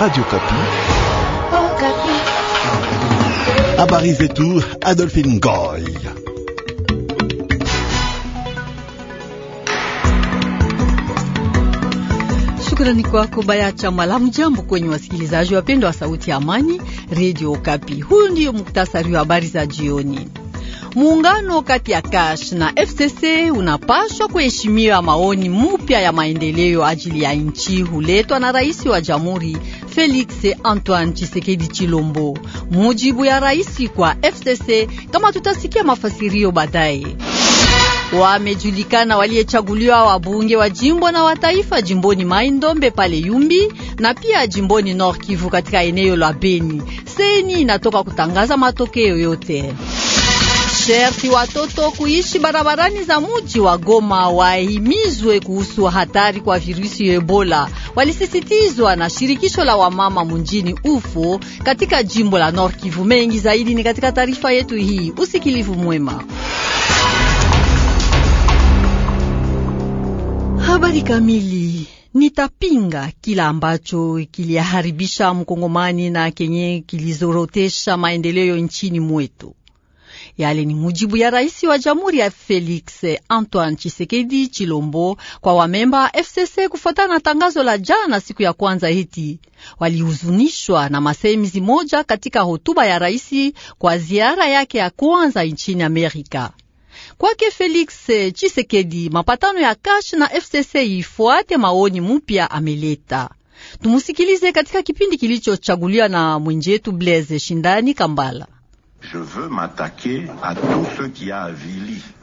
Radio Kapi. Oh, Kapi. Habari zetu Adolphe Ngoy. Shukrani kwako Bayacha malamu Jambo kwenye wasikilizaji wapendwa wa Sauti ya Amani, Radio Kapi. Huyu ndio muktasari wa habari za jioni. Muungano kati ya Kash na FCC unapaswa kuheshimiwa. Maoni mupya ya maendeleo ajili ya nchi huletwa na Rais wa Jamhuri Felix Antoine chisekedi Chilombo, mujibu ya rais kwa FCC, kama tutasikia mafasirio baadaye. Wamejulikana waliyechaguliwa wabunge wa jimbo na wa taifa jimboni maindombe pale Yumbi na pia jimboni Nord Kivu katika eneo la Beni. Seni inatoka kutangaza matokeo yote masharti watoto kuishi barabarani za muji wa Goma wahimizwe kuhusu hatari kwa virusi ya Ebola, walisisitizwa na shirikisho la wamama munjini Ufo katika jimbo la North Kivu. Mengi zaidi ni katika taarifa yetu hii. Usikilivu mwema. Habari kamili Nitapinga kila ambacho kiliharibisha mkongomani na kenye kilizorotesha maendeleo nchini mwetu. Yale ni mujibu ya rais wa jamhuri ya Felix Antoine Chisekedi Chilombo kwa wamemba FCC kufuatana na tangazo la jana siku ya kwanza hiti walihuzunishwa na masemizi moja katika hotuba ya raisi kwa ziara yake ya kwanza nchini Amerika. Kwake Felix Chisekedi, mapatano ya kash na FCC ifuate maoni mupya ameleta. Tumusikilize katika kipindi kilichochaguliwa na mwenjetu Blaise Shindani Kambala.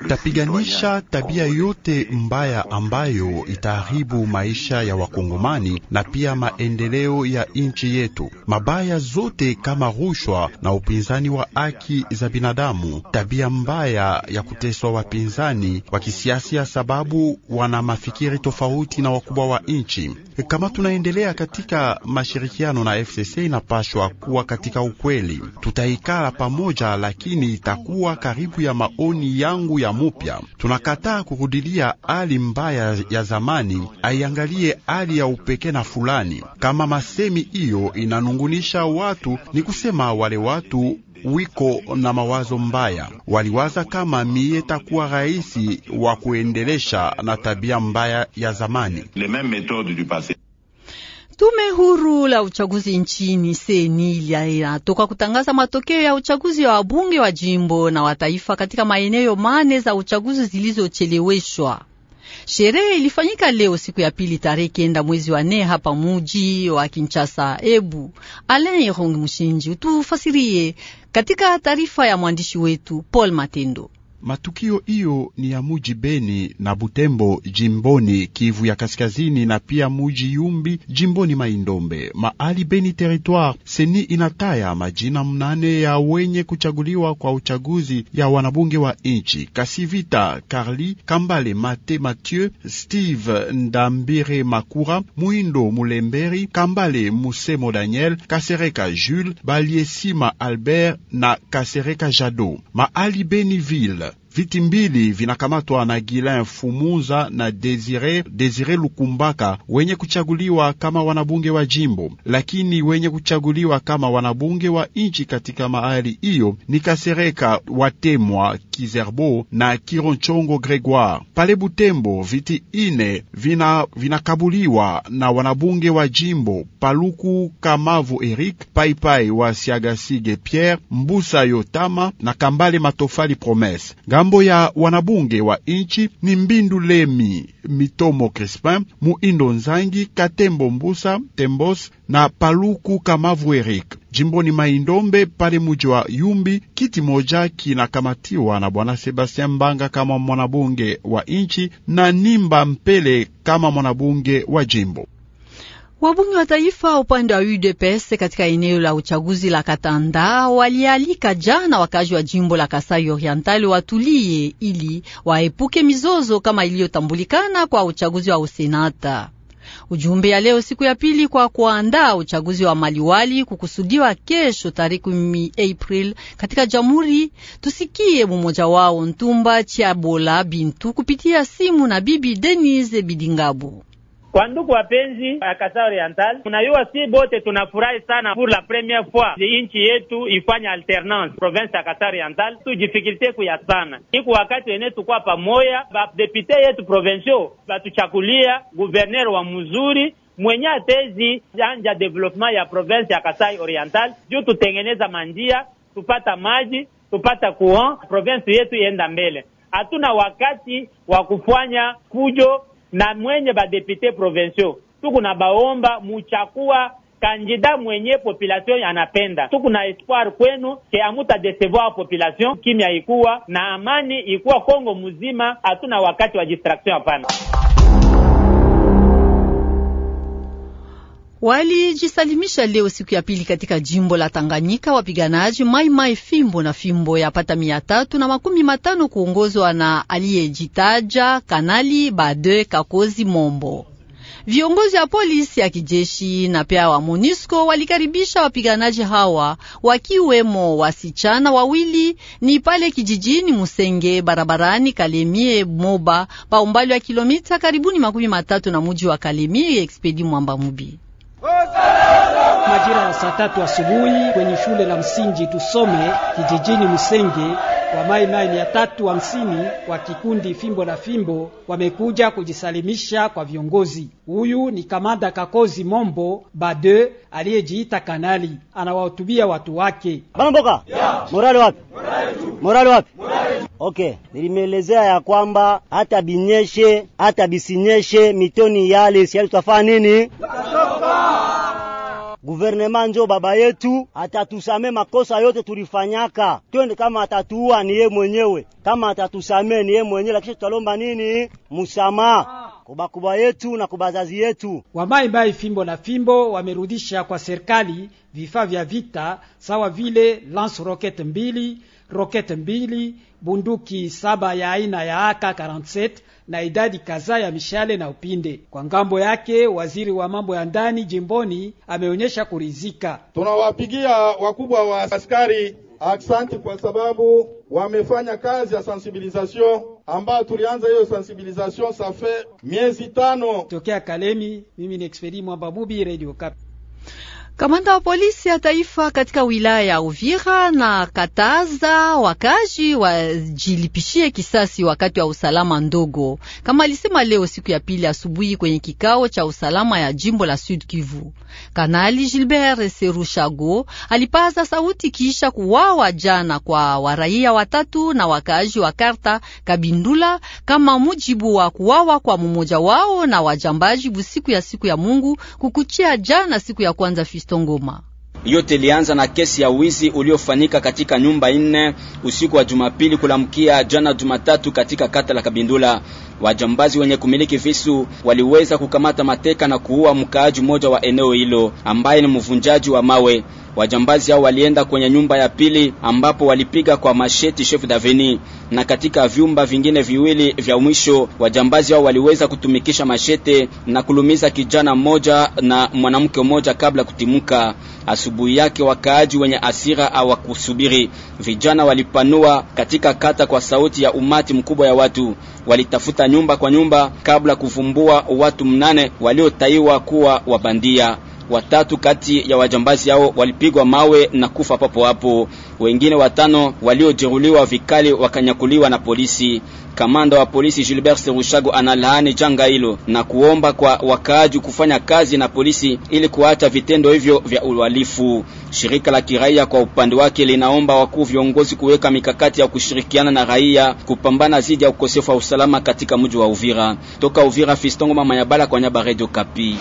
Tapiganisha tabia yote mbaya ambayo itaharibu maisha ya Wakongomani na pia maendeleo ya nchi yetu, mabaya zote kama rushwa na upinzani wa haki za binadamu, tabia mbaya ya kuteswa wapinzani wa kisiasa, sababu wana mafikiri tofauti na wakubwa wa nchi. E, kama tunaendelea katika mashirikiano na FCC, inapashwa kuwa katika ukweli, tutaikaa pamoja moja, lakini itakuwa karibu ya maoni yangu ya mupya. Tunakataa kurudilia hali mbaya ya zamani, aiangalie hali ya upekee na fulani. Kama masemi hiyo inanungunisha watu, ni kusema wale watu wiko na mawazo mbaya, waliwaza kama miye takuwa rahisi wa kuendelesha na tabia mbaya ya zamani. Tume huru la uchaguzi nchini seni inatoka kutangaza matokeo ya uchaguzi wa wabunge wa jimbo na wa taifa katika maeneo mane za uchaguzi zilizocheleweshwa. Sherehe ilifanyika leo siku ya pili tarehe kenda mwezi wa nne hapa muji wa Kinshasa. Ebu Alain Irung Mushinji utufasirie katika taarifa ya mwandishi wetu Paul Matendo. Matukio hiyo ni ya muji Beni na Butembo jimboni Kivu ya Kaskazini na pia muji Yumbi jimboni Maindombe. Maali Beni Territoire seni inataya majina mnane ya wenye kuchaguliwa kwa uchaguzi ya wanabunge wa inchi: Kasivita Karli, Kambale Mate, Mathieu Steve, Ndambire Makura, Muindo Mulemberi, Kambale Musemo, Daniel Kasereka, Jules Baliesima, Albert na Kasereka Jado. Maali Beni Ville that. Viti mbili vinakamatwa na Gilain Fumuza na Desire Desire Lukumbaka wenye kuchaguliwa kama wanabunge wa jimbo, lakini wenye kuchaguliwa kama wanabunge wa nchi katika mahali hiyo ni Kasereka Watemwa Kizerbo na Kironchongo Gregoire. Pale Butembo viti ine vina vinakabuliwa na wanabunge wa jimbo Paluku Kamavu Eric Paipai wa Siagasige Pierre Mbusa Yotama na Kambale Matofali Promese ngambo ya wanabunge wa inchi ni Mbindu Lemi, Mitomo Crispin, Muindo Nzangi, Katembo Mbusa, Tembos na Paluku Kamavu Eric. Jimboni Maindombe pale muji wa Yumbi, kiti moja kinakamatiwa na bwana Sebastian Mbanga kama mwanabunge wa inchi na Nimba Mpele kama mwanabunge wa jimbo. Wabunge wa taifa upande wa UDPS katika eneo la uchaguzi la Katanda walialika jana wakazi wa jimbo la Kasai Orientali watulie ili waepuke mizozo kama iliyotambulikana kwa uchaguzi wa usenata. Ujumbe ya leo siku ya pili kwa kuandaa uchaguzi wa maliwali kukusudiwa kesho tarehe 10 April katika jamhuri. Tusikie mumoja wao Ntumba Chiabola Bintu kupitia simu na Bibi Denise Bidingabu. Kwa ndugu wapenzi ya Kasai Oriental, unajua si bote tunafurahi sana pour la premiere fois inchi yetu ifanya alternance province ya Kasai Oriental, tu tujifikirie kuya sana iku wakati wene tukwa pamoya, badepute yetu provincial batuchakulia guverner wa mzuri mwenye atezi anja development ya province ya Kasai Oriental juu tutengeneza manjia, tupata maji, tupata kuon, province yetu ienda mbele. Hatuna wakati wa kufanya fujo na mwenye badepute provinciaux tukuna baomba muchakuwa kandida mwenye population anapenda. Tukuna espoir kwenu ke amuta decevoir population, kimya ikuwa na amani ikuwa Kongo mzima, hatuna wakati wa distraction hapana. walijisalimisha leo siku ya pili katika jimbo la Tanganyika wapiganaji Mai Mai Fimbo na Fimbo ya pata mia tatu na makumi matano kuongozwa na aliyejitaja Kanali Bade Kakozi Mombo. Viongozi wa polisi ya kijeshi na pia wa MONUSCO walikaribisha wapiganaji hawa wakiwemo wasichana wawili, ni pale kijijini Musenge barabarani Kalemie Moba pa umbali wa kilomita karibuni makumi matatu na muji wa Kalemie Expedi Mwamba Mubi. Majira ya saa tatu asubuhi kwenye shule la msingi Tusome kijijini Msenge, wa mai mia tatu hamsini wa kikundi Fimbo na Fimbo wamekuja kujisalimisha kwa viongozi. Huyu ni kamanda Kakozi Mombo Bade aliyejiita kanali, anawahutubia watu wake. Bana mboka morali wapi? Morali wapi? Okay, nilimeelezea ya kwamba hata binyeshe hata bisinyeshe mitoni yale siali tutafanya nini? guvernema njo baba yetu, atatusame makosa yote tulifanyaka. Twende kama atatuua ni ye mwenyewe, kama atatusame ni ye mwenyewe, Lakisha tutalomba nini? musama ah. kubakubwa yetu na kubazazi yetu. Wamaimai fimbo na fimbo wamerudisha kwa serikali vifaa vya vita sawa vile lance rocket mbili, rocket mbili, bunduki saba ya aina ya AK 47 na idadi kadhaa ya mishale na upinde. Kwa ngambo yake, waziri wa mambo ya ndani jimboni ameonyesha kuridhika. Tunawapigia wakubwa wa askari aksanti kwa sababu wamefanya kazi ya sensibilizasyon ambayo tulianza hiyo sensibilizasyon safe miezi tano tokea Kalemi. Mimi ni Experi Mwamba Mubi, Radio Kapi. Kamanda wa polisi ya taifa katika wilaya ya Uvira na kataza wakazi wajilipishie kisasi wakati wa usalama ndogo, kama alisema leo siku ya pili asubuhi kwenye kikao cha usalama ya jimbo la Sud Kivu. Kanali Gilbert Serushago alipaza sauti kisha kuwawa jana kwa waraia watatu na wakaji wa Karta Kabindula, kama mujibu wa kuwawa kwa mmoja wao na wajambaji busiku ya siku ya Mungu kukuchia jana siku ya kwanza Festo Ngoma. Yote ilianza na kesi ya wizi uliofanyika katika nyumba nne usiku wa Jumapili kulamkia jana Jumatatu katika kata la Kabindula. Wajambazi wenye kumiliki visu waliweza kukamata mateka na kuua mkaaji mmoja wa eneo hilo ambaye ni mvunjaji wa mawe. Wajambazi hao walienda kwenye nyumba ya pili ambapo walipiga kwa masheti chef daveni, na katika vyumba vingine viwili vya mwisho wajambazi hao waliweza kutumikisha mashete na kulumiza kijana mmoja na mwanamke mmoja kabla kutimuka. Asubuhi yake wakaaji wenye asira hawakusubiri, vijana walipanua katika kata kwa sauti ya umati mkubwa ya watu. Walitafuta nyumba kwa nyumba kabla kuvumbua watu mnane waliotaiwa kuwa wabandia watatu kati ya wajambazi hao walipigwa mawe na kufa papo hapo. Wengine watano waliojeruhiwa vikali wakanyakuliwa na polisi. Kamanda wa polisi Gilbert Serushago analaani janga hilo na kuomba kwa wakaaji kufanya kazi na polisi ili kuacha vitendo hivyo vya uhalifu. Shirika la kiraia kwa upande wake linaomba wakuu viongozi kuweka mikakati ya kushirikiana na raia kupambana dhidi ya ukosefu wa usalama katika mji wa Uvira. Toka Uvira, Fistongo mama ya Bala kwa nyaba Radio Kapi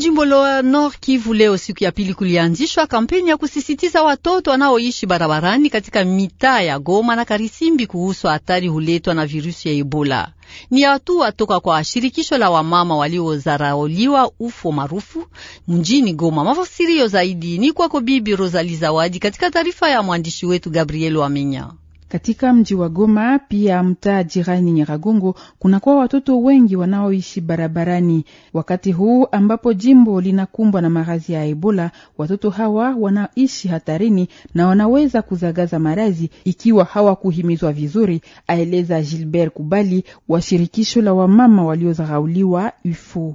jimbo la Nord Kivu leo siku ya pili kulianzishwa kampeni ya kusisitiza watoto wanaoishi barabarani katika mitaa ya Goma na Karisimbi kuhusu hatari huletwa na virusi ya Ebola. Ni hatua toka kwa shirikisho la wamama waliozarauliwa ufo maarufu mjini Goma. Mafasirio zaidi ni kwako Bibi Rosali Zawadi katika taarifa ya mwandishi wetu Gabriel Wamenya. Katika mji wa Goma pia mtaa jirani Nyiragongo kunakuwa watoto wengi wanaoishi barabarani. Wakati huu ambapo jimbo linakumbwa na maradhi ya Ebola, watoto hawa wanaishi hatarini na wanaweza kuzagaza maradhi ikiwa hawakuhimizwa vizuri, aeleza Gilbert Kubali wa shirikisho la wamama waliodharauliwa UFO.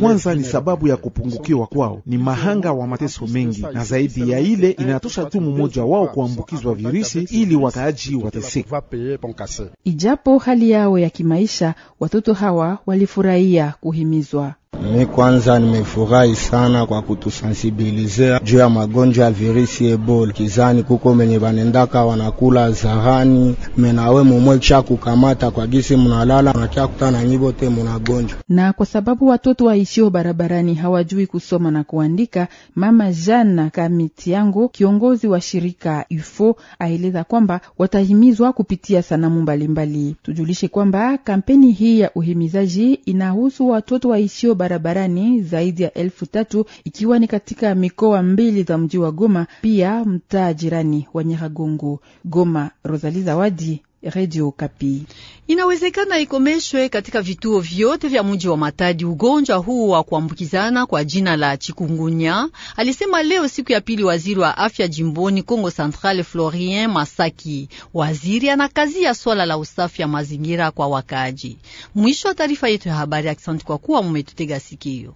Kwanza ni sababu ya kupungukiwa kwao, ni mahanga wa mateso mengi, na zaidi ya ile inatosha tu mmoja wao kuambukizwa virusi ili wakaaji wateseka. Ijapo hali yao ya kimaisha, watoto hawa walifurahia kuhimizwa Mi kwanza nimefurahi sana kwa kutusensibilize juu ya magonjwa ya virisi Ebola. Kizani kuko menye banendaka wanakula zarani menawe mumwe cha kukamata kwa gisi munalala nakia kutana te munagonjwa. Na kwa sababu watoto waishio barabarani hawajui kusoma na kuandika, Mama Jana Kamitiango, kiongozi wa shirika UFO, aeleza kwamba watahimizwa kupitia sanamu mbalimbali. Tujulishe kwamba kampeni hii ya uhimizaji inahusu watoto waishio barabarani zaidi ya elfu tatu ikiwa ni katika mikoa mbili za mji wa Goma, pia mtaa jirani wa Nyiragongo. Goma, Rosali Zawadi, Radio Kapi. Inawezekana ikomeshwe katika vituo vyote vya mji wa Matadi ugonjwa huu wa kuambukizana kwa jina la chikungunya, alisema leo siku ya pili waziri wa afya jimboni Kongo Central Florien Masaki. Waziri anakazia swala la usafi ya mazingira kwa wakaji. Mwisho wa taarifa yetu ya habari. Asante kwa kuwa mumetutega sikio.